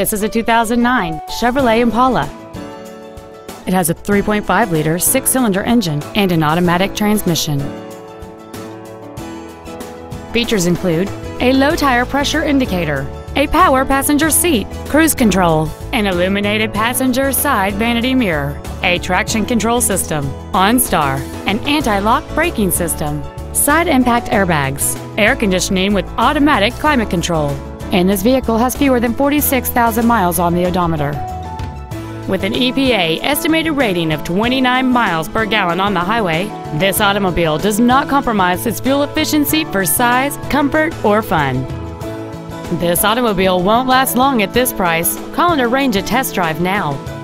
This is a 2009 Chevrolet Impala. It has a 3.5-liter six-cylinder engine and an automatic transmission. Features include a low-tire pressure indicator, a power passenger seat, cruise control, an illuminated passenger side vanity mirror, a traction control system, OnStar, an anti-lock braking system, side impact airbags, air conditioning with automatic climate control, and this vehicle has fewer than 46,000 miles on the odometer. With an EPA estimated rating of 29 miles per gallon on the highway, this automobile does not compromise its fuel efficiency for size, comfort, or fun. This automobile won't last long at this price. Call and arrange a test drive now.